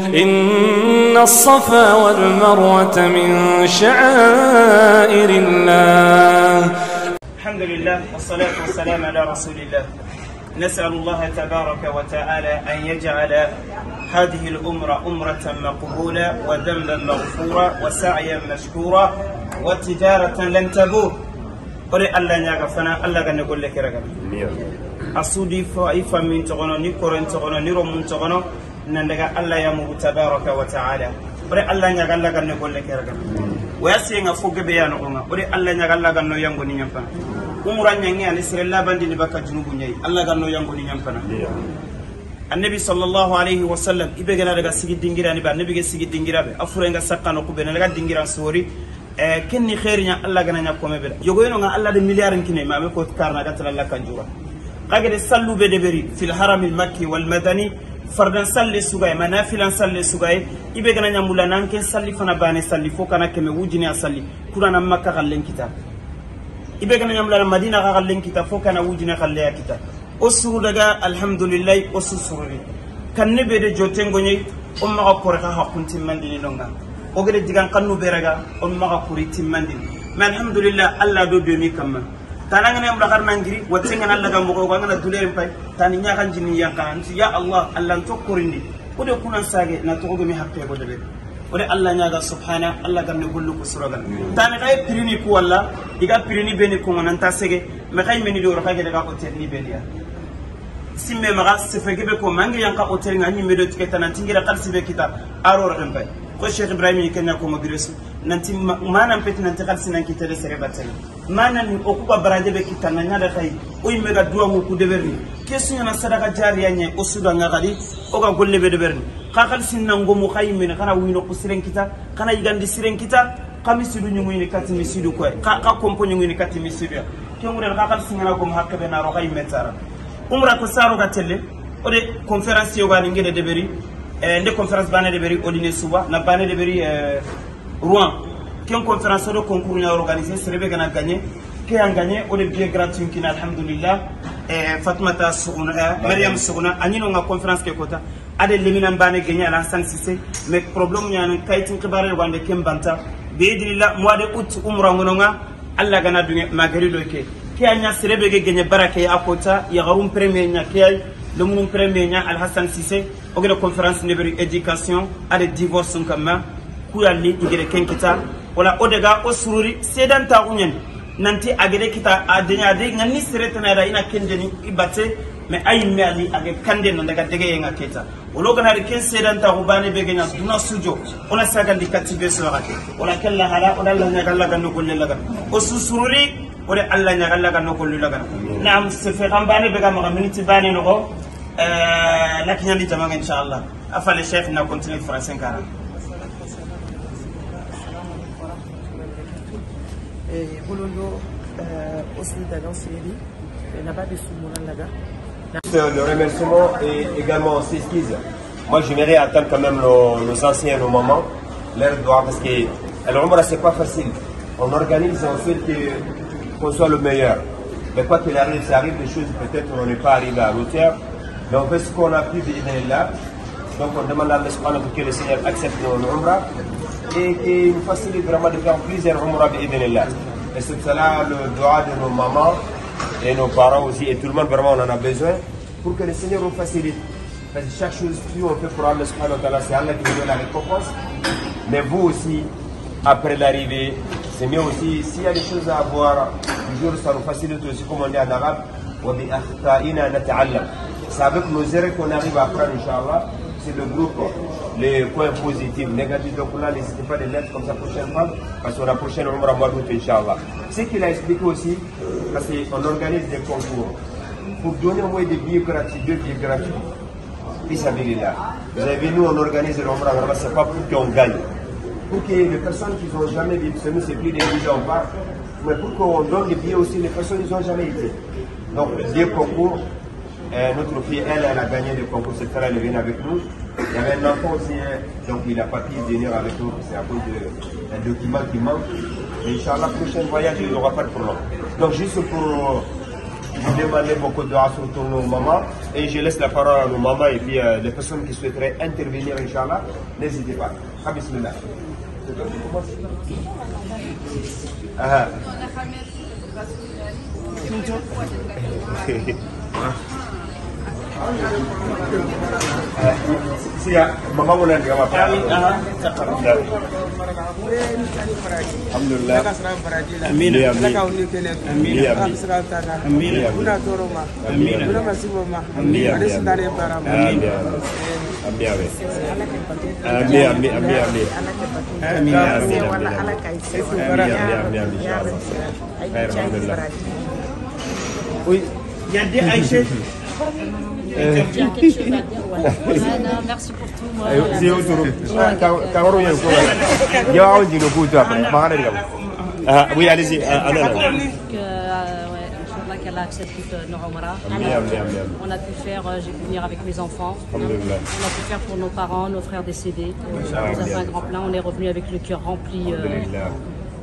إن الصفا والمروة من شعائر الله الحمد لله والصلاة والسلام على رسول الله نسأل الله تبارك وتعالى أن يجعل هذه الأمرة أمرة مقبولة وذنبا مغفورا وسعيا مشكورا وتجارة لن تبور قرئ الله يغفنا الله نقول لك رقم أصودي فإفا من تغنى نكورن تغنى نرم من تغنى نندغا الله Allah ya mugu tabaraka wa ta'ala ore Allah nya galla ganne golle kerga o ya be yana onga ore Allah nya galla no yango ni nyampa umran nya ngi an israila bandi ni baka junubu nyai Allah no yango ni nyampa na annabi sallallahu alayhi wa sallam ibe gana daga sigi dingira ni ba annabi ge sigi dingira be afure nga sakkano ko be na daga dingira sori e kenni nya Allah gana nya ko mebe yogo nga Allah de milliardin kinai ma me ko karna gatala Allah kan jura kage de sallu be de beri fil haramil makki wal madani fardan salli sugay mana filan salli sugay ibe gana nyamula nanke salli fana bane salli fo kana keme wujini asalli kurana makka kallen kita ibe gana nyamula madina ka kallen kita fo kana wujini kalle ya kita o suru daga alhamdulillah o susuri kan ne be de jotengo nyi o ma ko ka hakunti mandini donga o gede digan kannu beraga o ma ko kuri timmandini mais alhamdulillah alla do be mi kamma tanangene mlakar nangiri watsenga nalaga moko kwanga na dulere mpai tani nyaka njini yaka nti ya allah allah ntokorindi ode kuna sage na togo mi hakke bodebe ode allah nyaga subhana allah gamne gollu ko suragan tani kay pirini ku walla iga pirini beni ko ngonan ta sege me kay meni do raka daga ko terni beniya simme maga sefege be ko mangi yanka hotel ngani medo tiketa nan tingira qalsi be kita aror rempai ko cheikh ibrahim kenya ko mo biresu nanti mana peti nanti kal sinan kitere sereba tay mana ni okuba baraje be kitanga nyada tay o yimme ga duwa ngu kudeberni kesu nyana sadaka jariya nye o suda nga gadi o ga golle be deberni ka kal sinan go mu khayime kana wino ku siren kita kana yigandi siren kita kami sidu nyungu ni kati misidu ko ka ka kompo nyungu ni kati misidu ya kengure ka kal sinana go mu hakke be na ro khayime umra ko saro ga telle o de conférence yo ni ngede deberi eh, nde conférence bane deberi odine na bane deberi eh, Rouen, qu'un conférence de concours a organisé, c'est le a gagné. Qui a gagné, on est bien gratuit, alhamdulillah. Fatmata Sougouna, euh, Mariam Sougouna, Annie, on a conférence qui est quota. Adel Leminan Bane gagné à l'instant c'est mais problème, il y a un kaitin qui barre le Kembanta. Bédrilla, mois de août, Umra Mononga, Allah Gana d'une Magari Loke. Qui a gagné, c'est le gagné Barake à quota, il y a un premier, qui a le premier, Al Hassan Sissé, on a une conférence de éducation, à des divorces en commun. kuyalli igere ken kita wala odega daga o sururi sedan ta unyen nanti agere kita adenya de ngani seretana da ina kendeni ibate me ay me ali age kande nan daga dege yenga keta wala kana de ken sedan ta ubane be genya duna sujo ona saga di katibe so rate wala kella hala ona la nyaga la ganu golle la gan o wala alla nyaga la ganu golle la gan nam se fe rambane be ga ma minute bane no ko euh la kinyandi inshallah afale chef na continue français 40 le remerciement est également c'est ce Moi, j'aimerais attendre quand même nos, anciens, nos mamans, leur doigt, parce que alors c'est pas facile. On organise, on fait qu'on soit le meilleur. Mais quoi qu'il arrive, ça arrive des choses, peut-être on n'est pas arrivé à l'auteur. Mais on fait ce qu'on a pu venir là. Donc on demande à pour que le Seigneur accepte nos nombres et qui nous facilite vraiment de faire plusieurs Umrah allah Et c'est cela le droit de nos mamans et nos parents aussi, et tout le monde vraiment on en a besoin, pour que le Seigneur nous facilite. Parce que chaque chose, plus on fait pour Allah subhanahu wa c'est Allah qui nous donne la récompense. Mais vous aussi, après l'arrivée, c'est mieux aussi, s'il y a des choses à avoir, toujours ça nous facilite aussi, comme on dit en arabe, ça avec nos erreurs qu'on arrive à apprendre, Inch'Allah le groupe, les points positifs, négatifs. Donc là, n'hésitez pas à les mettre comme ça prochainement, parce qu'on a prochaine Omra mois Inch'Allah. Ce qu'il a expliqué aussi, parce qu'on organise des concours. Pour donner au moins des billets gratuits, deux billets gratuits, vous avez vu nous, on organise l'Omra, ce n'est pas pour qu'on gagne. Pour que les personnes qui n'ont jamais vu, ce n'est plus des billets en bas, mais pour qu'on donne des billets aussi, les personnes qui n'ont jamais été. Donc, des concours, euh, notre fille, elle, elle a gagné le concours etc. elle est venue avec nous. Il y avait un enfant aussi, hein, donc il n'a pas pu venir avec nous, c'est à cause d'un document qui manque. Mais Inch'Allah, prochain voyage, il aura pas de problème. Donc juste pour vous demander beaucoup de sur nos mamans, et je laisse la parole à nos mamans et puis euh, les personnes qui souhaiteraient intervenir, Inch'Allah, n'hésitez pas. Ah, bismillah. C'est toi qui commences ah, ah. 听着。siya mamawulan ka mapa alhamdulillah amina laka unikele amina amsrata na amina una toro ma amina una masibo ma amina arisu dare bara ma amina ambi abe ambi ambi ambi ambi ambi ambi wala alaka isi ambi ambi alhamdulillah Merci pour tout. Moi, oui, allez-y. On a pu faire, euh, j'ai pu venir avec mes enfants. On a pu faire pour nos parents, nos frères décédés. On a fait un grand plein, on est revenu avec le cœur rempli. Euh,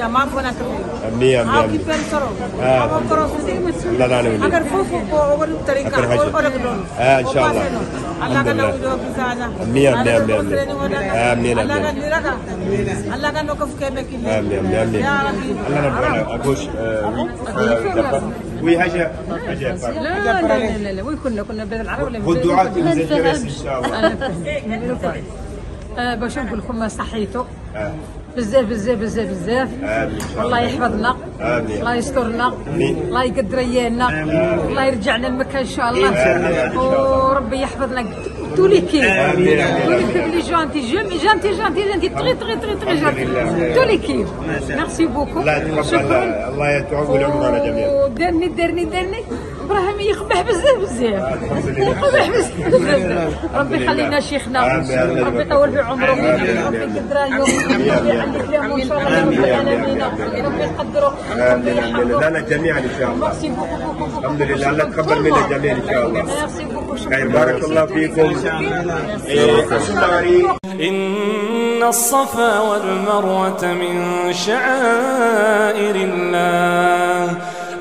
nya ma fona ka amni amni amni ki pen soro ah ko soro so sigi mes la la le agar fofu ko wadu tarika ko odak don ah inshallah allah ka dawu do bisaja amni amni amni amni amni allah ka diraka allah ka nokko fuke be kille amni amni amni ya rabbi allah na bala agosh وي هاجر هاجر لا لا لا لا وي كنا كنا بين العرب ولا والدعاء ان شاء الله باش نقول لكم صحيته بزاف بزاف بزاف بزاف الله يحفظنا امين الله يسترنا الله يقدر ايانا الله يرجعنا لمكه ان شاء الله وربي يحفظنا tous les kids, tous les kids, gentils, gentils, gentils, gentils, très, très, très, très gentils, tous les kids. Merci beaucoup. الله يتعوض العمر على جميع. دارني دارني دارني ابراهيم يقبح بزاف بزاف. يقبح بزاف بزاف. ربي يخلينا شيخنا، ربي يطول في عمره، ربي يقدر لهم، ربي يعلق لهم ان شاء الله ربي يقدروا. لا لا جميعا ان شاء الله. الحمد لله الله تقبل منا جميعا ان شاء الله. بارك الله فيكم. إن الصفا والمروة من شعائر الله